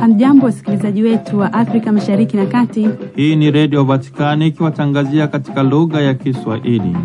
Hamjambo, wasikilizaji wetu wa Afrika Mashariki na Kati. Hii ni Redio Vatikani ikiwatangazia katika lugha ya Kiswahili.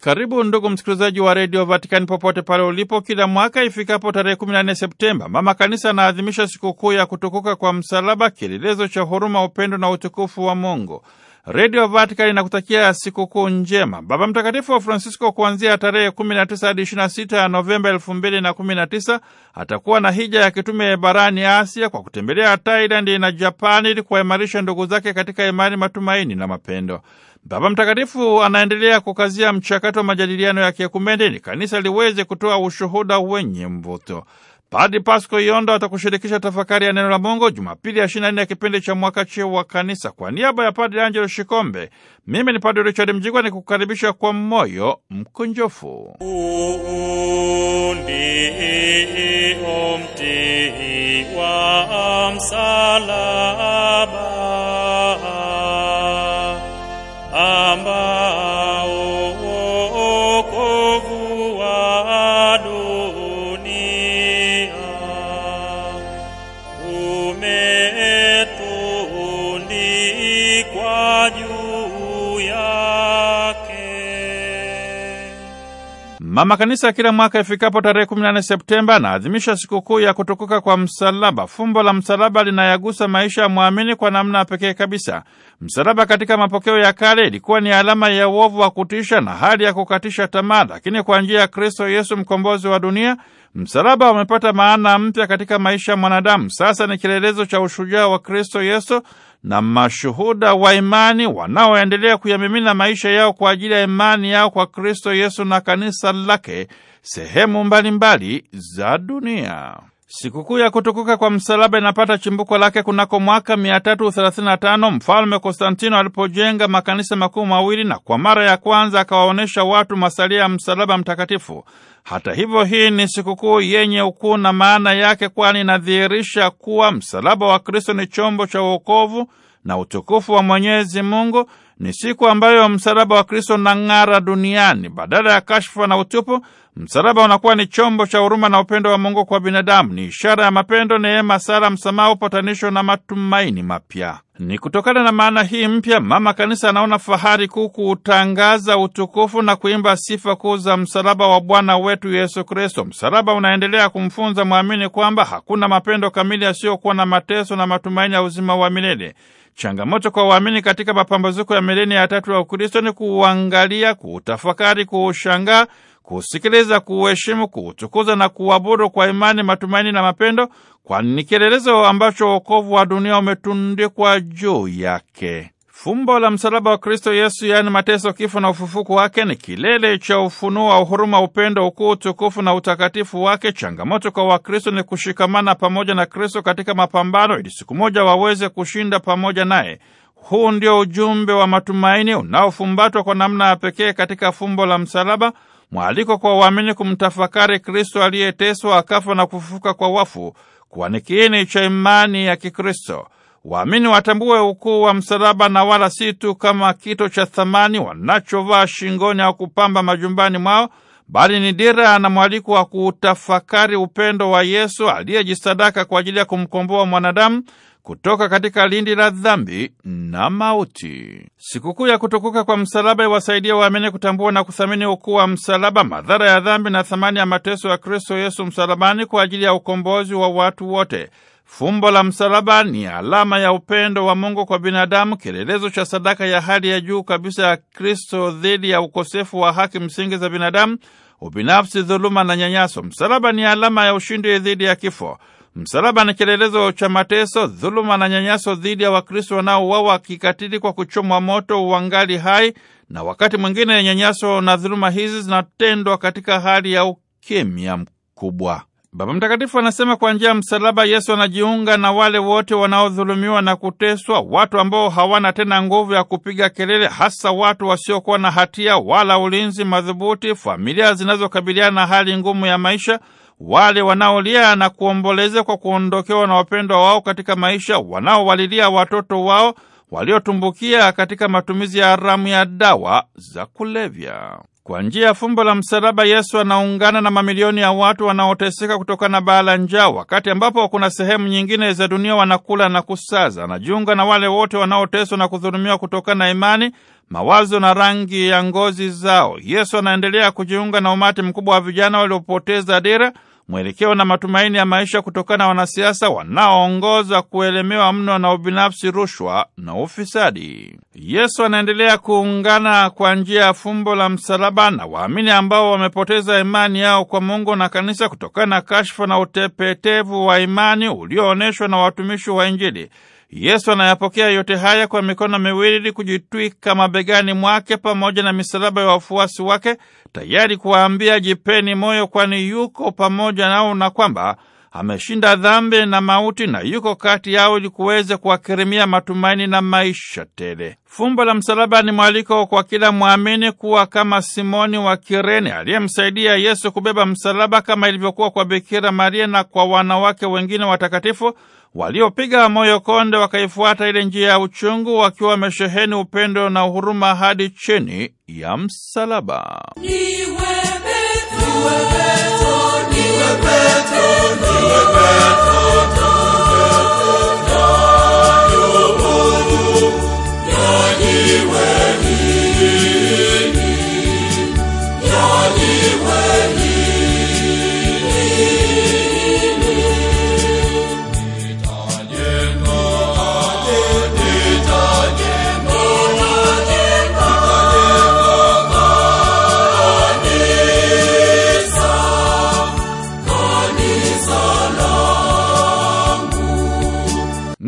Karibu ndugu msikilizaji wa redio Vatikani popote pale ulipo. Kila mwaka ifikapo tarehe 14 Septemba, mama kanisa anaadhimisha sikukuu ya kutukuka kwa msalaba, kielelezo cha huruma, upendo na utukufu wa Mungu. Redio Vatikani inakutakia sikukuu njema. Baba Mtakatifu wa Francisco kuanzia tarehe 19 hadi 26 ya Novemba 2019 atakuwa na hija ya kitume barani Asia kwa kutembelea Thailand na japani ili kuwaimarisha ndugu zake katika imani, matumaini na mapendo. Baba Mtakatifu anaendelea kukazia mchakato wa majadiliano ya kiekumene ni kanisa liweze kutoa ushuhuda wenye mvuto. Padi Pasko Yondo atakushirikisha tafakari ya neno la Mungu Jumapili ya 24 ya kipindi cha mwaka C wa Kanisa. Kwa niaba ya Padi Angelo Shikombe, mimi ni Padi Richard Mjigwa ni kukaribisha kwa moyo mkunjofu uundi omti wa msalaba Mama Kanisa kila mwaka ifikapo tarehe 18 Septemba anaadhimisha sikukuu ya kutukuka kwa msalaba. Fumbo la msalaba linayagusa maisha ya mwamini kwa namna pekee kabisa. Msalaba katika mapokeo ya kale ilikuwa ni alama ya uovu wa kutisha na hali ya kukatisha tamaa, lakini kwa njia ya Kristo Yesu, mkombozi wa dunia, msalaba umepata maana mpya katika maisha ya mwanadamu. Sasa ni kielelezo cha ushujaa wa Kristo Yesu na mashuhuda wa imani wanaoendelea kuyamimina maisha yao kwa ajili ya imani yao kwa Kristo Yesu na kanisa lake sehemu mbalimbali mbali za dunia. Sikukuu ya kutukuka kwa msalaba inapata chimbuko lake kunako mwaka 335 mfalme Konstantino alipojenga makanisa makuu mawili na kwa mara ya kwanza akawaonyesha watu masalia ya msalaba mtakatifu. Hata hivyo, hii ni sikukuu yenye ukuu na maana yake, kwani inadhihirisha kuwa msalaba wa Kristo ni chombo cha wokovu na utukufu wa Mwenyezi Mungu. Ni siku ambayo msalaba wa Kristo unang'ara duniani badala ya kashfa na utupu Msalaba unakuwa ni chombo cha huruma na upendo wa Mungu kwa binadamu, ni ishara ya mapendo, neema, sala, msamaha, upatanisho na matumaini mapya. Ni kutokana na maana hii mpya, Mama Kanisa anaona fahari kuu kuutangaza utukufu na kuimba sifa kuu za msalaba wa Bwana wetu Yesu Kristo. Msalaba unaendelea kumfunza mwamini kwamba hakuna mapendo kamili yasiyokuwa na mateso na matumaini ya uzima wa milele. Changamoto kwa waamini katika mapambazuko ya milenia ya tatu ya Ukristo ni kuuangalia, kuutafakari, kuushangaa kusikiliza, kuuheshimu, kuutukuza na kuabudu kwa imani, matumaini na mapendo, kwani ni kielelezo ambacho wokovu wa dunia umetundikwa juu yake. Fumbo la msalaba wa Kristo Yesu, yaani mateso, kifo na ufufuku wake, ni kilele cha ufunuo wa uhuruma, upendo, ukuu, utukufu na utakatifu wake. Changamoto kwa Wakristo ni kushikamana pamoja na Kristo katika mapambano, ili siku moja waweze kushinda pamoja naye. Huu ndio ujumbe wa matumaini unaofumbatwa kwa namna ya pekee katika fumbo la msalaba mwaliko kwa waamini kumtafakari Kristo aliyeteswa akafa na kufufuka kwa wafu kuwa ni kiini cha imani ya Kikristo. Waamini watambue ukuu wa msalaba na wala si tu kama kito cha thamani wanachovaa shingoni au kupamba majumbani mwao bali ni dira na mwaliko wa kutafakari upendo wa Yesu aliyejisadaka kwa ajili ya kumkomboa mwanadamu kutoka katika lindi la dhambi na mauti. Sikukuu ya kutukuka kwa msalaba iwasaidie waamini kutambua na kuthamini ukuu wa msalaba, madhara ya dhambi na thamani ya mateso ya Kristo Yesu msalabani kwa ajili ya ukombozi wa watu wote. Fumbo la msalaba ni alama ya upendo wa Mungu kwa binadamu, kielelezo cha sadaka ya hali ya juu kabisa ya Kristo dhidi ya ukosefu wa haki msingi za binadamu, ubinafsi, dhuluma na nyanyaso. Msalaba ni alama ya ushindi dhidi ya kifo. Msalaba ni kielelezo cha mateso, dhuluma na nyanyaso dhidi ya Wakristo wanaouawa kikatili kwa kuchomwa moto wangali hai, na wakati mwingine nyanyaso na dhuluma hizi zinatendwa katika hali ya ukimya mkubwa. Baba Mtakatifu anasema kwa njia ya msalaba Yesu anajiunga na wale wote wanaodhulumiwa na kuteswa, watu ambao hawana tena nguvu ya kupiga kelele, hasa watu wasiokuwa na hatia wala ulinzi madhubuti, familia zinazokabiliana na hali ngumu ya maisha, wale wanaolia na kuomboleza kwa kuondokewa na wapendwa wao katika maisha, wanaowalilia watoto wao waliotumbukia katika matumizi ya haramu ya dawa za kulevya. Kwa njia ya fumbo la msalaba, Yesu anaungana na mamilioni ya watu wanaoteseka kutokana na baa la njaa, wakati ambapo kuna sehemu nyingine za dunia wanakula na kusaza. Anajiunga na wale wote wanaoteswa na kudhulumiwa kutokana na imani, mawazo na rangi ya ngozi zao. Yesu anaendelea kujiunga na umati mkubwa wa vijana waliopoteza dira mwelekeo na matumaini ya maisha kutokana na wanasiasa wanaoongoza kuelemewa mno na ubinafsi, rushwa na ufisadi. Yesu anaendelea kuungana kwa njia ya fumbo la msalaba na waamini ambao wamepoteza imani yao kwa Mungu na kanisa kutokana na kashfa na utepetevu wa imani ulioonyeshwa na watumishi wa Injili. Yesu anayapokea yote haya kwa mikono miwili kujitwika mabegani mwake pamoja na misalaba ya wafuasi wake tayari kuwaambia jipeni moyo, kwani yuko pamoja nao na kwamba ameshinda dhambi na mauti na yuko kati yao ili kuweze kuwakirimia matumaini na maisha tele. Fumbo la msalaba ni mwaliko kwa kila mwamini kuwa kama Simoni wa Kirene aliyemsaidia Yesu kubeba msalaba, kama ilivyokuwa kwa Bikira Maria na kwa wanawake wengine watakatifu waliopiga moyo konde wakaifuata ile njia ya uchungu, wakiwa wamesheheni upendo na uhuruma hadi chini ya msalaba. Ni wewe, ni wewe. better, do it better.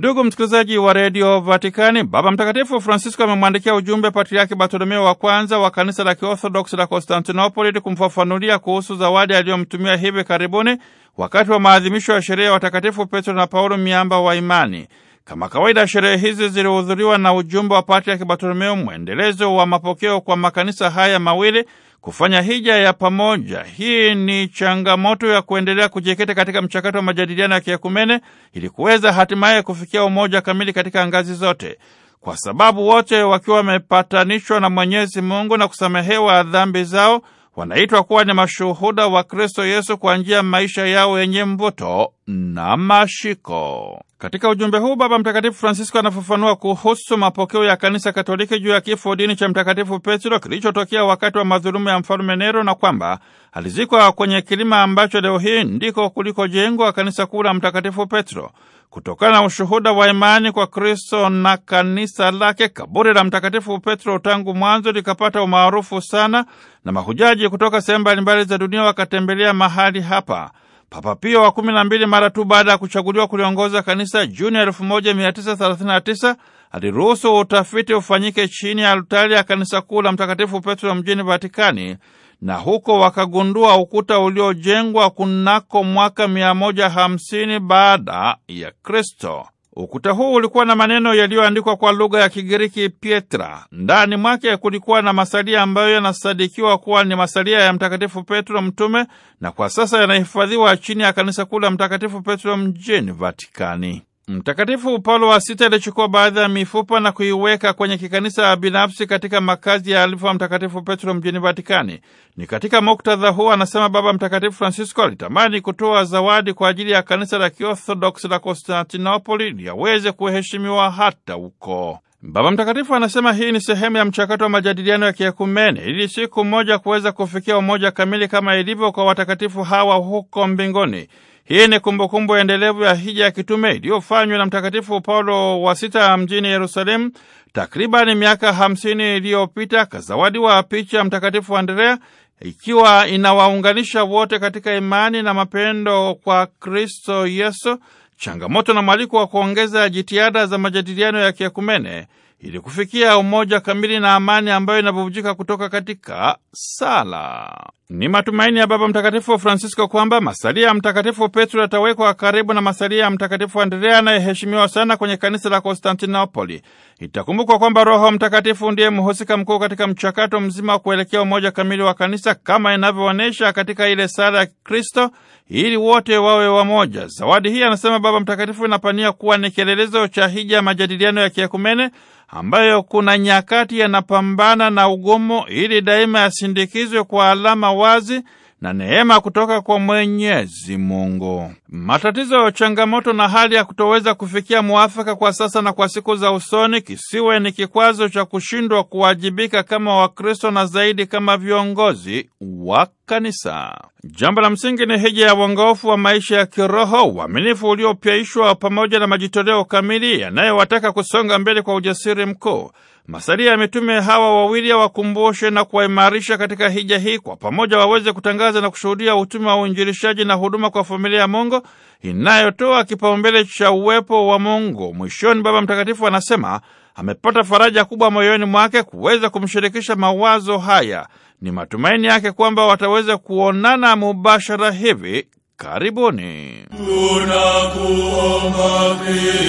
Ndugu msikilizaji wa redio Vatikani, Baba Mtakatifu Francisco amemwandikia ujumbe Patriaki Bartolomeo wa kwanza wa kanisa la Kiorthodoksi la Konstantinopoli ili kumfafanulia kuhusu zawadi aliyomtumia hivi karibuni wakati wa maadhimisho ya sherehe ya watakatifu Petro na Paulo, miamba wa imani. Kama kawaida, sherehe hizi zilihudhuriwa na ujumbe wa Patriaki Bartolomeo, mwendelezo wa mapokeo kwa makanisa haya mawili kufanya hija ya pamoja. Hii ni changamoto ya kuendelea kujikita katika mchakato wa majadiliano ya kiakumene ili kuweza hatimaye kufikia umoja kamili katika ngazi zote, kwa sababu wote wakiwa wamepatanishwa na Mwenyezi Mungu na kusamehewa dhambi zao wanaitwa kuwa ni mashuhuda wa Kristo Yesu kwa njia ya maisha yao yenye mvuto na mashiko. Katika ujumbe huu Baba Mtakatifu Francisco anafafanua kuhusu mapokeo ya Kanisa Katoliki juu ya kifo dini cha Mtakatifu Petro kilichotokea wakati wa madhulumu ya Mfalume Nero na kwamba alizikwa kwenye kilima ambacho leo hii ndiko kulikojengwa kanisa kuu la Mtakatifu Petro. Kutokana na ushuhuda wa imani kwa Kristo na kanisa lake, kaburi la Mtakatifu Petro tangu mwanzo likapata umaarufu sana, na mahujaji kutoka sehemu mbalimbali za dunia wakatembelea mahali hapa. Papa Pio wa kumi na mbili mara tu baada ya kuchaguliwa kuliongoza kanisa Juni 1939 aliruhusu utafiti ufanyike chini ya altari ya kanisa kuu la Mtakatifu Petro mjini Vatikani, na huko wakagundua ukuta uliojengwa kunako mwaka 150 baada ya Kristo. Ukuta huu ulikuwa na maneno yaliyoandikwa kwa lugha ya Kigiriki Pietra. Ndani mwake kulikuwa na masalia ambayo yanasadikiwa kuwa ni masalia ya Mtakatifu Petro Mtume, na kwa sasa yanahifadhiwa chini ya kanisa kuu la Mtakatifu Petro mjini Vatikani. Mtakatifu Paulo wa Sita alichukua baadhi ya mifupa na kuiweka kwenye kikanisa ya binafsi katika makazi ya alifu wa Mtakatifu Petro mjini Vatikani. Ni katika muktadha huo, anasema Baba Mtakatifu Francisco alitamani kutoa zawadi kwa ajili ya kanisa la Kiorthodoksi la Konstantinopoli liyaweze kuheshimiwa hata huko. Baba Mtakatifu anasema hii ni sehemu ya mchakato wa majadiliano ya kiekumene ili siku moja kuweza kufikia umoja kamili kama ilivyo kwa watakatifu hawa huko mbinguni. Hii ni kumbukumbu endelevu ya hija ya kitume iliyofanywa na Mtakatifu Paulo wa Sita mjini Yerusalemu takribani miaka hamsini iliyopita, kazawadiwa picha Mtakatifu Andrea ikiwa inawaunganisha wote katika imani na mapendo kwa Kristo Yesu, changamoto na mwaliko wa kuongeza jitihada za majadiliano ya kiekumene ili kufikia umoja kamili na amani ambayo inabubujika kutoka katika sala. Ni matumaini ya Baba Mtakatifu Francisco kwamba masalia ya Mtakatifu Petro yatawekwa karibu na masalia ya Mtakatifu Andrea anayeheshimiwa sana kwenye kanisa la Konstantinopoli. Itakumbukwa kwamba Roho Mtakatifu ndiye mhusika mkuu katika mchakato mzima wa kuelekea umoja kamili wa kanisa kama inavyoonyesha katika ile sala ya Kristo ili wote wawe wamoja. Zawadi hii, anasema Baba Mtakatifu, inapania kuwa ni kielelezo cha hija ya majadiliano ya kiekumene ambayo kuna nyakati yanapambana na ugumu, ili daima yasindikizwe kwa alama wazi na neema kutoka kwa Mwenyezi Mungu. Matatizo, changamoto na hali ya kutoweza kufikia mwafaka kwa sasa na kwa siku za usoni kisiwe ni kikwazo cha kushindwa kuwajibika kama Wakristo na zaidi kama viongozi wa Kanisa. Jambo la msingi ni hija ya uongofu wa maisha ya kiroho, uaminifu uliopyaishwa pamoja na majitoleo kamili yanayowataka kusonga mbele kwa ujasiri mkuu. Masalia ya mitume hawa wawili yawakumbushe na kuwaimarisha katika hija hii, kwa pamoja waweze kutangaza na kushuhudia utume wa uinjilishaji na huduma kwa familia ya Mungu inayotoa kipaumbele cha uwepo wa Mungu. Mwishoni, Baba Mtakatifu anasema amepata faraja kubwa moyoni mwake kuweza kumshirikisha mawazo haya. Ni matumaini yake kwamba wataweza kuonana mubashara hivi karibuni. Tunakuomba Kristu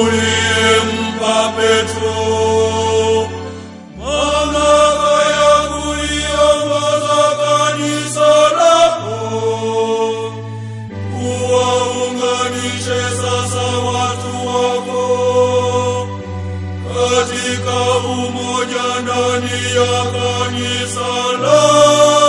uliyempa Petro ya Anisa, Lord.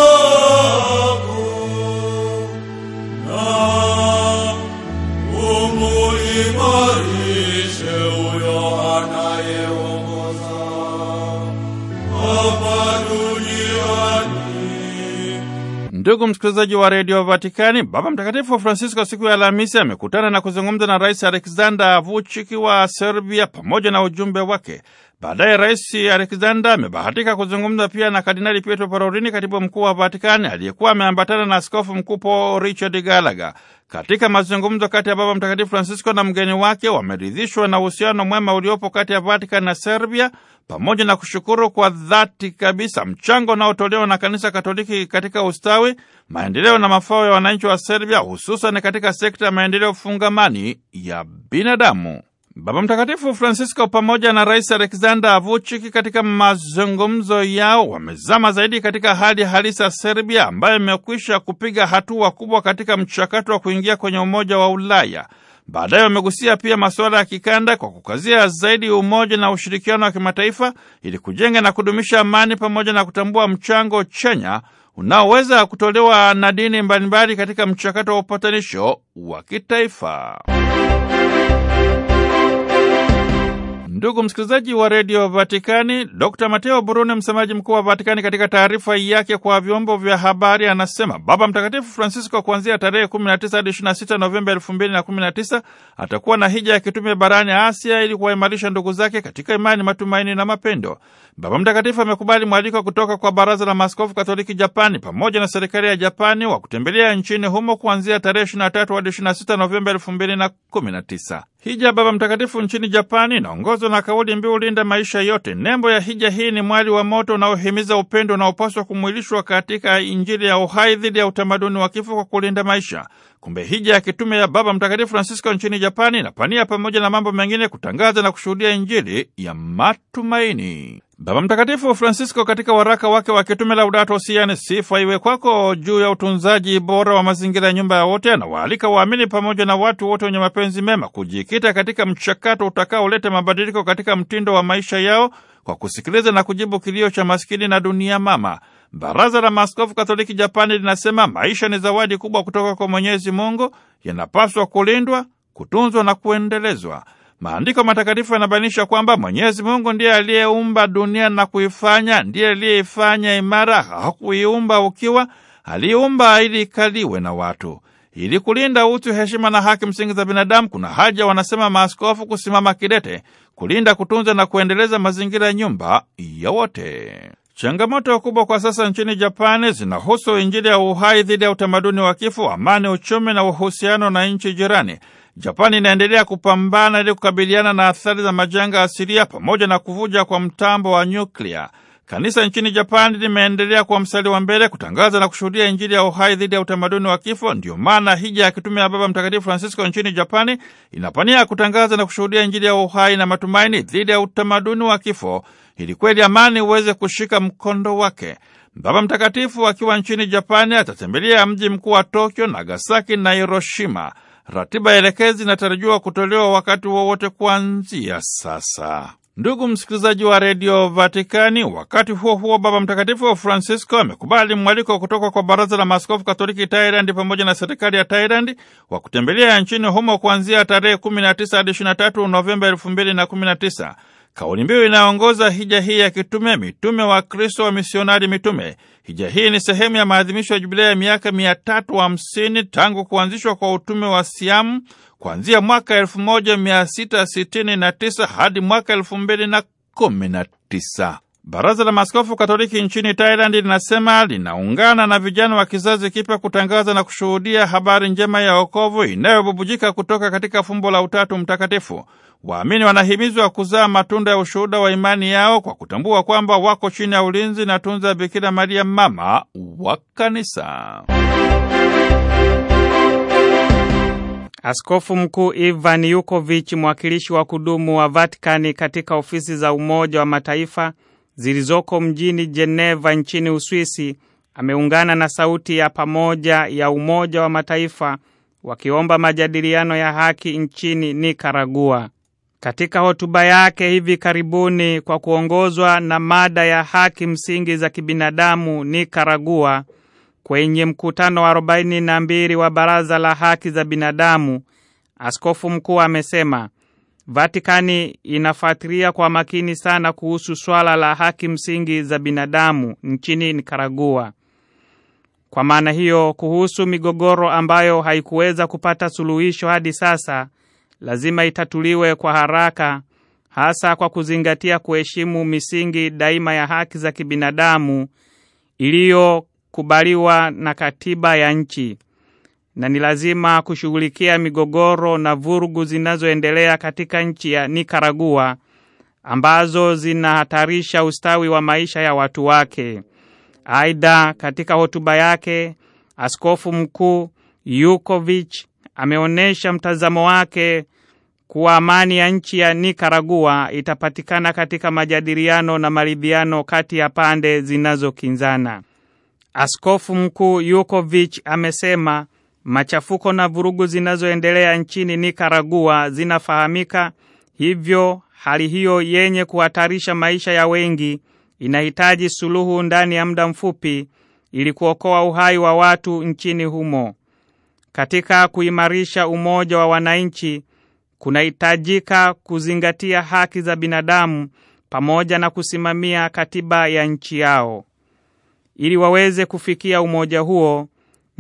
Ndugu msikilizaji wa redio Vatikani, Baba Mtakatifu Francisco siku ya Alhamisi amekutana na kuzungumza na Rais alekxander Vuchiki wa Serbia pamoja na ujumbe wake. Baadaye Rais alekxander amebahatika kuzungumza pia na Kardinali Pietro parorini katibu mkuu wa Vatikani, aliyekuwa ameambatana na askofu mkuu Paul Richard Gallagher. Katika mazungumzo kati ya Baba Mtakatifu Francisco na mgeni wake, wameridhishwa na uhusiano mwema uliopo kati ya vatican na Serbia, pamoja na kushukuru kwa dhati kabisa mchango unaotolewa na Kanisa Katoliki katika ustawi, maendeleo na mafao ya wananchi wa Serbia, hususan katika sekta ya maendeleo fungamani ya binadamu. Baba Mtakatifu Francisco pamoja na Rais Alexander Vuchiki katika mazungumzo yao wamezama zaidi katika hali halisi ya Serbia ambayo imekwisha kupiga hatua kubwa katika mchakato wa kuingia kwenye Umoja wa Ulaya. Baadaye wamegusia pia masuala ya kikanda kwa kukazia zaidi umoja na ushirikiano wa kimataifa ili kujenga na kudumisha amani pamoja na kutambua mchango chenya unaoweza kutolewa na dini mbalimbali katika mchakato wa upatanisho wa kitaifa. Ndugu msikilizaji wa redio Vatikani, Dr Mateo Bruni, msemaji mkuu wa Vatikani, katika taarifa yake kwa vyombo vya habari anasema Baba Mtakatifu Francisco kuanzia tarehe 19 hadi 26 Novemba 2019 atakuwa na hija ya kitume barani Asia ili kuwaimarisha ndugu zake katika imani, matumaini na mapendo. Baba Mtakatifu amekubali mwaliko kutoka kwa Baraza la Maaskofu Katoliki Japani pamoja na serikali ya Japani wa kutembelea nchini humo kuanzia tarehe 23 hadi 26 Novemba 2019. Hija Baba Mtakatifu nchini Japani inaongozwa na kauli mbiu linda maisha yote. Nembo ya hija hii ni mwali wa moto unaohimiza upendo unaopaswa kumwilishwa katika Injili ya uhai dhidi ya utamaduni wa kifo kwa kulinda maisha. Kumbe hija ya kitume ya Baba Mtakatifu Francisco nchini Japani inapania pamoja na mambo mengine kutangaza na kushuhudia Injili ya matumaini. Baba Mtakatifu Francisco katika waraka wake wa kitume Laudato Si yani sifa iwe kwako juu ya utunzaji bora wa mazingira ya nyumba ya wote, anawaalika waamini pamoja na watu wote wenye mapenzi mema kujikita katika mchakato utakaoleta mabadiliko katika mtindo wa maisha yao kwa kusikiliza na kujibu kilio cha maskini na dunia mama. Baraza la Maaskofu Katoliki Japani linasema maisha ni zawadi kubwa kutoka kwa Mwenyezi Mungu, yanapaswa kulindwa, kutunzwa na kuendelezwa. Maandiko matakatifu yanabainisha kwamba Mwenyezi Mungu ndiye aliyeumba dunia na kuifanya, ndiye aliyeifanya imara, hakuiumba ukiwa, aliumba ili ikaliwe na watu. Ili kulinda utu, heshima na haki msingi za binadamu, kuna haja, wanasema maaskofu, kusimama kidete kulinda, kutunza na kuendeleza mazingira, nyumba ya wote. Changamoto kubwa kwa sasa nchini Japani zinahusu Injili ya uhai dhidi ya utamaduni wa kifo, amani, uchumi na uhusiano na nchi jirani. Japani inaendelea kupambana ili kukabiliana na athari za majanga asilia pamoja na kuvuja kwa mtambo wa nyuklia. Kanisa nchini Japani limeendelea kuwa mstari wa mbele kutangaza na kushuhudia Injili ya uhai dhidi ya utamaduni wa kifo. Ndiyo maana hija ya kitume ya Baba Mtakatifu Francisco nchini Japani inapania kutangaza na kushuhudia Injili ya uhai na matumaini dhidi ya utamaduni wa kifo, ili kweli amani uweze kushika mkondo wake. Baba Mtakatifu akiwa nchini Japani atatembelea mji mkuu wa Tokyo, Nagasaki na Hiroshima. Ratiba elekezi inatarajiwa kutolewa wakati wowote kuanzia sasa. Ndugu msikilizaji wa redio Vatikani, wakati huo huo, Baba Mtakatifu Francisco amekubali mwaliko kutoka kwa Baraza la Maaskofu Katoliki Thailand pamoja na serikali ya Thailand wa kutembelea nchini humo kuanzia tarehe 19 hadi 23 Novemba 2019. Kauli mbiu inaongoza hija hii ya kitume, mitume wa Kristo wa misionari mitume. Hija hii ni sehemu ya maadhimisho ya jubilea ya miaka mia tatu hamsini tangu kuanzishwa kwa utume wa Siamu kuanzia mwaka elfu moja mia sita sitini na tisa hadi mwaka elfu mbili na kumi na tisa. Baraza la Maaskofu Katoliki nchini Thailand linasema linaungana na vijana wa kizazi kipya kutangaza na kushuhudia habari njema ya wokovu inayobubujika kutoka katika fumbo la Utatu Mtakatifu. Waamini wanahimizwa kuzaa matunda ya ushuhuda wa imani yao kwa kutambua kwamba wako chini ya ulinzi na tunza ya Bikira Maria, mama wa Kanisa. Askofu Mkuu Ivan Yukovichi, mwakilishi wa kudumu wa Vatikani katika ofisi za Umoja wa Mataifa, zilizoko mjini Jeneva nchini Uswisi ameungana na sauti ya pamoja ya Umoja wa Mataifa wakiomba majadiliano ya haki nchini Nikaragua. Katika hotuba yake hivi karibuni kwa kuongozwa na mada ya haki msingi za kibinadamu Nikaragua kwenye mkutano wa 42 wa Baraza la Haki za Binadamu, askofu mkuu amesema Vatikani inafuatilia kwa makini sana kuhusu swala la haki msingi za binadamu nchini Nikaragua. Kwa maana hiyo, kuhusu migogoro ambayo haikuweza kupata suluhisho hadi sasa, lazima itatuliwe kwa haraka, hasa kwa kuzingatia kuheshimu misingi daima ya haki za kibinadamu iliyokubaliwa na katiba ya nchi na ni lazima kushughulikia migogoro na vurugu zinazoendelea katika nchi ya Nikaragua ambazo zinahatarisha ustawi wa maisha ya watu wake. Aidha, katika hotuba yake Askofu Mkuu Yukovich ameonyesha mtazamo wake kuwa amani ya nchi ya Nikaragua itapatikana katika majadiliano na maridhiano kati ya pande zinazokinzana. Askofu Mkuu Yukovich amesema Machafuko na vurugu zinazoendelea nchini Nikaragua zinafahamika, hivyo hali hiyo yenye kuhatarisha maisha ya wengi inahitaji suluhu ndani ya muda mfupi ili kuokoa uhai wa watu nchini humo. Katika kuimarisha umoja wa wananchi, kunahitajika kuzingatia haki za binadamu pamoja na kusimamia katiba ya nchi yao. Ili waweze kufikia umoja huo,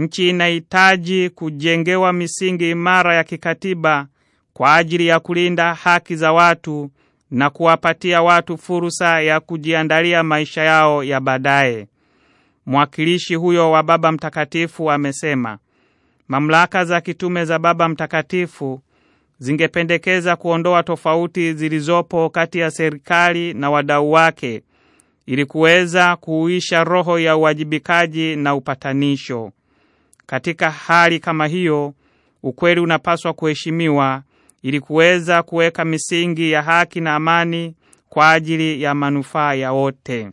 Nchi inahitaji kujengewa misingi imara ya kikatiba kwa ajili ya kulinda haki za watu na kuwapatia watu fursa ya kujiandalia maisha yao ya baadaye. Mwakilishi huyo wa Baba Mtakatifu amesema mamlaka za kitume za Baba Mtakatifu zingependekeza kuondoa tofauti zilizopo kati ya serikali na wadau wake ili kuweza kuuisha roho ya uwajibikaji na upatanisho. Katika hali kama hiyo, ukweli unapaswa kuheshimiwa ili kuweza kuweka misingi ya haki na amani kwa ajili ya manufaa ya wote.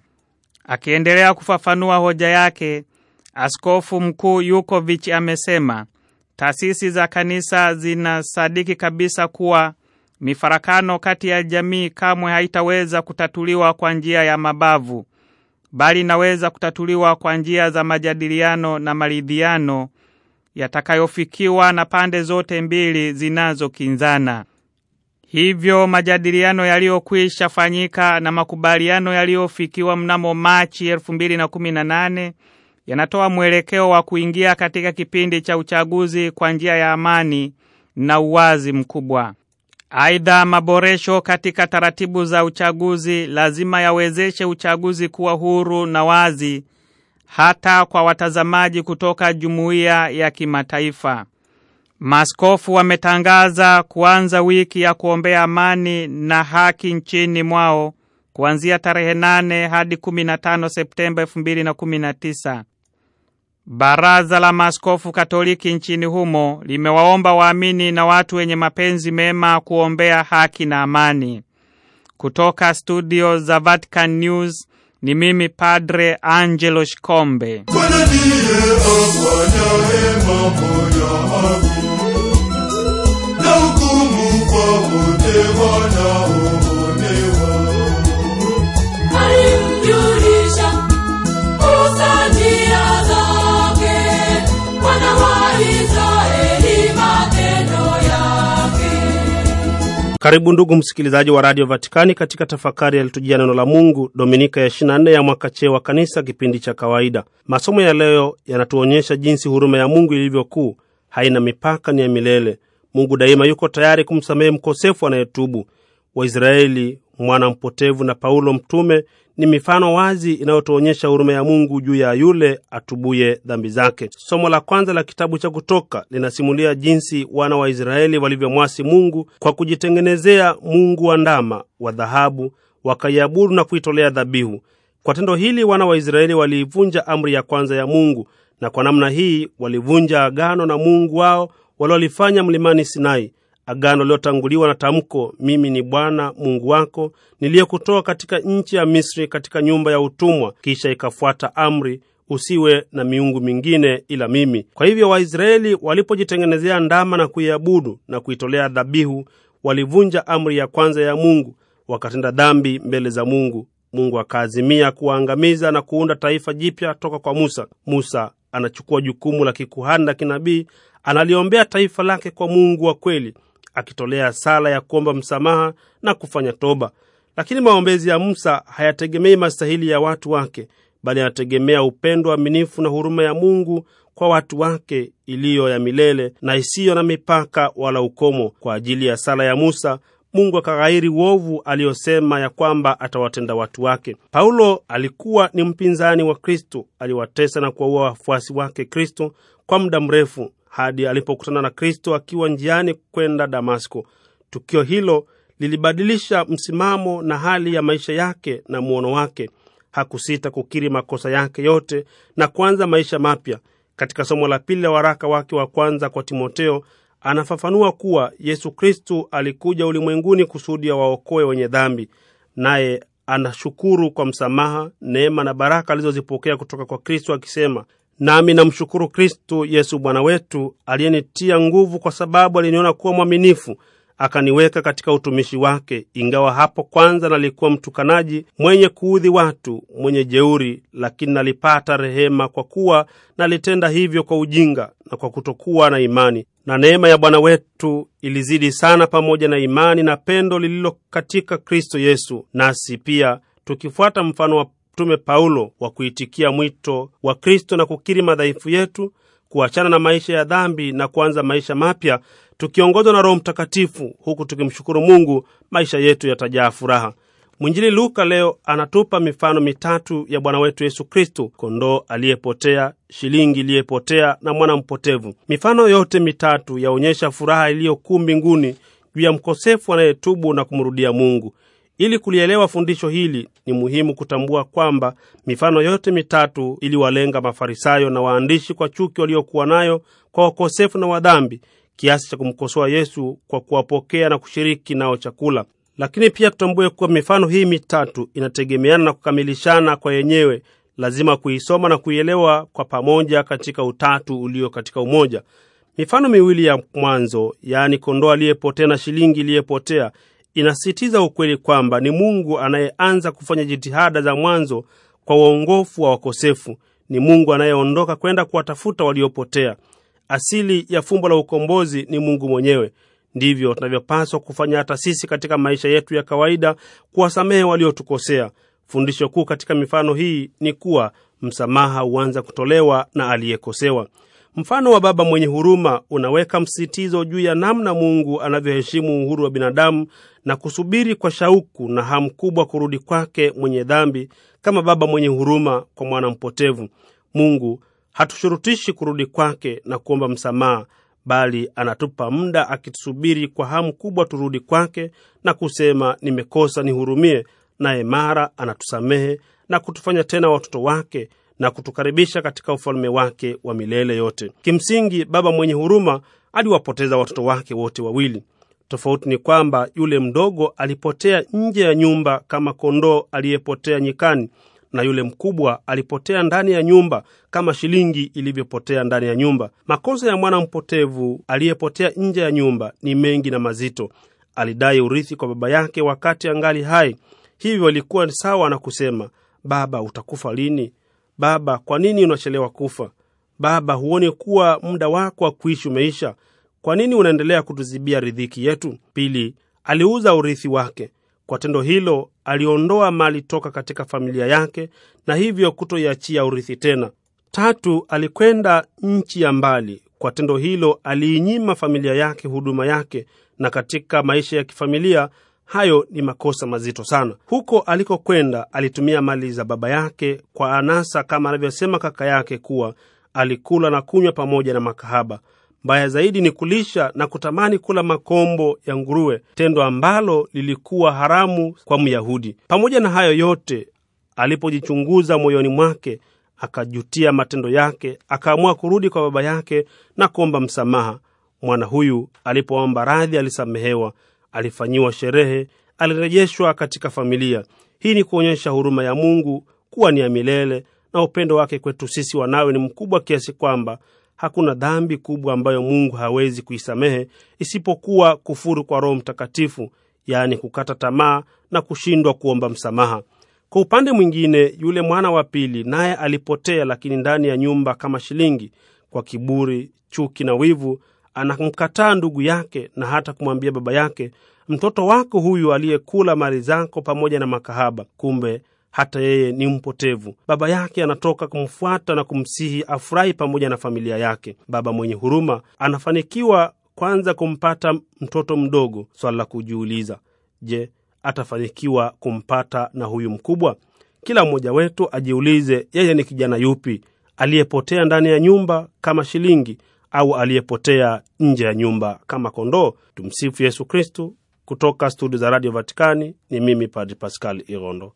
Akiendelea kufafanua hoja yake, Askofu Mkuu Yukovich amesema taasisi za kanisa zinasadiki kabisa kuwa mifarakano kati ya jamii kamwe haitaweza kutatuliwa kwa njia ya mabavu, bali inaweza kutatuliwa kwa njia za majadiliano na maridhiano yatakayofikiwa na pande zote mbili zinazokinzana. Hivyo majadiliano yaliyokwisha fanyika na makubaliano yaliyofikiwa mnamo Machi 2018 yanatoa mwelekeo wa kuingia katika kipindi cha uchaguzi kwa njia ya amani na uwazi mkubwa. Aidha, maboresho katika taratibu za uchaguzi lazima yawezeshe uchaguzi kuwa huru na wazi hata kwa watazamaji kutoka jumuiya ya kimataifa. maskofu wametangaza kuanza wiki ya kuombea amani na haki nchini mwao kuanzia tarehe nane hadi 15 Septemba 2019. Baraza la Maaskofu Katoliki nchini humo limewaomba waamini na watu wenye mapenzi mema kuombea haki na amani. Kutoka studio za Vatican News ni mimi Padre Angelo Shikombe. Karibu ndugu msikilizaji wa Radio Vatikani katika tafakari yalitujia neno la Mungu Dominika ya 24 ya mwaka chee wa Kanisa, kipindi cha kawaida. Masomo ya leo yanatuonyesha jinsi huruma ya Mungu ilivyokuu, haina mipaka, ni ya milele. Mungu daima yuko tayari kumsamehe mkosefu anayetubu. Waisraeli mwana mpotevu na Paulo mtume ni mifano wazi inayotuonyesha huruma ya Mungu juu ya yule atubuye dhambi zake. Somo la kwanza la kitabu cha Kutoka linasimulia jinsi wana wa Israeli walivyomwasi Mungu kwa kujitengenezea mungu wa ndama wa dhahabu, wakaiabudu na kuitolea dhabihu. Kwa tendo hili wana wa Israeli waliivunja amri ya kwanza ya Mungu, na kwa namna hii walivunja agano na Mungu wao walolifanya mlimani Sinai agano lilotanguliwa na tamko, mimi ni Bwana Mungu wako niliyekutoa katika nchi ya Misri, katika nyumba ya utumwa. Kisha ikafuata amri, usiwe na miungu mingine ila mimi. Kwa hivyo Waisraeli walipojitengenezea ndama na kuiabudu na kuitolea dhabihu, walivunja amri ya kwanza ya Mungu, wakatenda dhambi mbele za Mungu. Mungu akaazimia kuwaangamiza na kuunda taifa jipya toka kwa Musa. Musa anachukua jukumu la kikuhani la kinabii, analiombea taifa lake kwa Mungu wa kweli akitolea sala ya kuomba msamaha na kufanya toba. Lakini maombezi ya Musa hayategemei mastahili ya watu wake, bali yanategemea upendo, aminifu na huruma ya Mungu kwa watu wake iliyo ya milele na isiyo na mipaka wala ukomo. Kwa ajili ya sala ya Musa, Mungu akaghairi uovu aliyosema ya kwamba atawatenda watu wake. Paulo alikuwa ni mpinzani wa Kristo, aliwatesa na kuwaua wafuasi wake Kristo kwa muda mrefu, hadi alipokutana na Kristo akiwa njiani kwenda Damasko. Tukio hilo lilibadilisha msimamo na hali ya maisha yake na muono wake. Hakusita kukiri makosa yake yote na kuanza maisha mapya. Katika somo la pili la waraka wake wa kwanza kwa Timoteo, anafafanua kuwa Yesu Kristu alikuja ulimwenguni kusudi ya waokoe wenye dhambi, naye anashukuru kwa msamaha, neema na baraka alizozipokea kutoka kwa Kristu akisema, Nami namshukuru Kristu Yesu Bwana wetu aliyenitia nguvu, kwa sababu aliniona kuwa mwaminifu akaniweka katika utumishi wake, ingawa hapo kwanza nalikuwa mtukanaji, mwenye kuudhi watu, mwenye jeuri, lakini nalipata rehema kwa kuwa nalitenda hivyo kwa ujinga na kwa kutokuwa na imani. Na neema ya Bwana wetu ilizidi sana pamoja na imani na pendo lililo katika Kristo Yesu. Nasi pia tukifuata mfano wa Mtume Paulo wa kuitikia mwito wa Kristo na kukiri madhaifu yetu, kuachana na maisha ya dhambi na kuanza maisha mapya tukiongozwa na Roho Mtakatifu, huku tukimshukuru Mungu, maisha yetu yatajaa furaha. Mwinjili Luka leo anatupa mifano mitatu ya Bwana wetu Yesu kristu kondoo aliyepotea, shilingi iliyepotea na mwana mpotevu. Mifano yote mitatu yaonyesha furaha iliyokuu mbinguni juu ya mkosefu anayetubu na kumrudia Mungu. Ili kulielewa fundisho hili ni muhimu kutambua kwamba mifano yote mitatu iliwalenga Mafarisayo na waandishi kwa chuki waliokuwa nayo kwa wakosefu na wadhambi kiasi cha kumkosoa Yesu kwa kuwapokea na kushiriki nao chakula. Lakini pia tutambue kuwa mifano hii mitatu inategemeana na kukamilishana kwa yenyewe. Lazima kuisoma na kuielewa kwa pamoja katika utatu ulio katika umoja. Mifano miwili ya mwanzo, yaani kondoo aliyepotea na shilingi iliyepotea, inasisitiza ukweli kwamba ni Mungu anayeanza kufanya jitihada za mwanzo kwa uongofu wa wakosefu. Ni Mungu anayeondoka kwenda kuwatafuta waliopotea. Asili ya fumbo la ukombozi ni Mungu mwenyewe. Ndivyo tunavyopaswa kufanya hata sisi katika maisha yetu ya kawaida, kuwasamehe waliotukosea. Fundisho kuu katika mifano hii ni kuwa msamaha huanza kutolewa na aliyekosewa. Mfano wa baba mwenye huruma unaweka msisitizo juu ya namna Mungu anavyoheshimu uhuru wa binadamu na kusubiri kwa shauku na hamu kubwa kurudi kwake mwenye dhambi, kama baba mwenye huruma kwa mwana mpotevu. Mungu hatushurutishi kurudi kwake na kuomba msamaha, bali anatupa muda akitusubiri kwa hamu kubwa turudi kwake na kusema, nimekosa, nihurumie, naye mara anatusamehe na kutufanya tena watoto wake na kutukaribisha katika ufalme wake wa milele yote. Kimsingi, baba mwenye huruma aliwapoteza watoto wake wote wawili. Tofauti ni kwamba yule mdogo alipotea nje ya nyumba kama kondoo aliyepotea nyikani, na yule mkubwa alipotea ndani ya nyumba kama shilingi ilivyopotea ndani ya nyumba. Makosa ya mwana mpotevu aliyepotea nje ya nyumba ni mengi na mazito. Alidai urithi kwa baba yake wakati angali hai, hivyo ilikuwa ni sawa na kusema, baba, utakufa lini? Baba, kwa nini unachelewa kufa? Baba, huoni kuwa muda wako wa kuishi umeisha? Kwa nini unaendelea kutuzibia ridhiki yetu? Pili, aliuza urithi wake. Kwa tendo hilo aliondoa mali toka katika familia yake na hivyo kutoiachia urithi tena. Tatu, alikwenda nchi ya mbali. Kwa tendo hilo aliinyima familia yake huduma yake, na katika maisha ya kifamilia hayo ni makosa mazito sana. Huko alikokwenda alitumia mali za baba yake kwa anasa, kama anavyosema kaka yake kuwa alikula na kunywa pamoja na makahaba. Mbaya zaidi ni kulisha na kutamani kula makombo ya nguruwe, tendo ambalo lilikuwa haramu kwa Myahudi. Pamoja na hayo yote, alipojichunguza moyoni mwake, akajutia matendo yake, akaamua kurudi kwa baba yake na kuomba msamaha. Mwana huyu alipoomba radhi, alisamehewa, alifanyiwa sherehe, alirejeshwa katika familia. Hii ni kuonyesha huruma ya Mungu kuwa ni ya milele na upendo wake kwetu sisi wanawe ni mkubwa kiasi kwamba hakuna dhambi kubwa ambayo Mungu hawezi kuisamehe isipokuwa kufuru kwa Roho Mtakatifu, yaani kukata tamaa na kushindwa kuomba msamaha. Kwa upande mwingine, yule mwana wa pili naye alipotea, lakini ndani ya nyumba kama shilingi. Kwa kiburi, chuki na wivu, anamkataa ndugu yake na hata kumwambia baba yake, mtoto wako huyu aliyekula mali zako pamoja na makahaba. Kumbe hata yeye ni mpotevu. Baba yake anatoka kumfuata na kumsihi afurahi pamoja na familia yake. Baba mwenye huruma anafanikiwa kwanza kumpata mtoto mdogo. Swala la kujiuliza, je, atafanikiwa kumpata na huyu mkubwa? Kila mmoja wetu ajiulize, yeye ni kijana yupi aliyepotea ndani ya nyumba kama shilingi, au aliyepotea nje ya nyumba kama kondoo? Tumsifu Yesu Kristu. Kutoka studio za Radio Vatikani ni mimi Padri Pascal Irondo.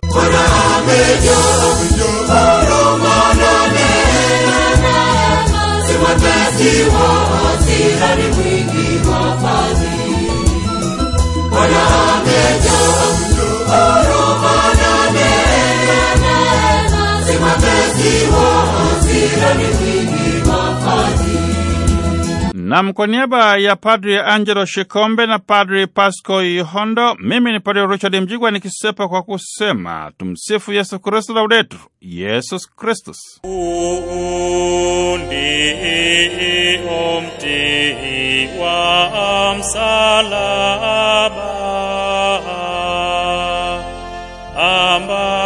na kwa niaba ya Padri Angelo Shikombe na Padri Pasco Ihondo, mimi ni Padri Richard Mjigwa nikisepa kwa kusema tumsifu Yesu Kristu, laudetur Yesus Kristus. msalaba amba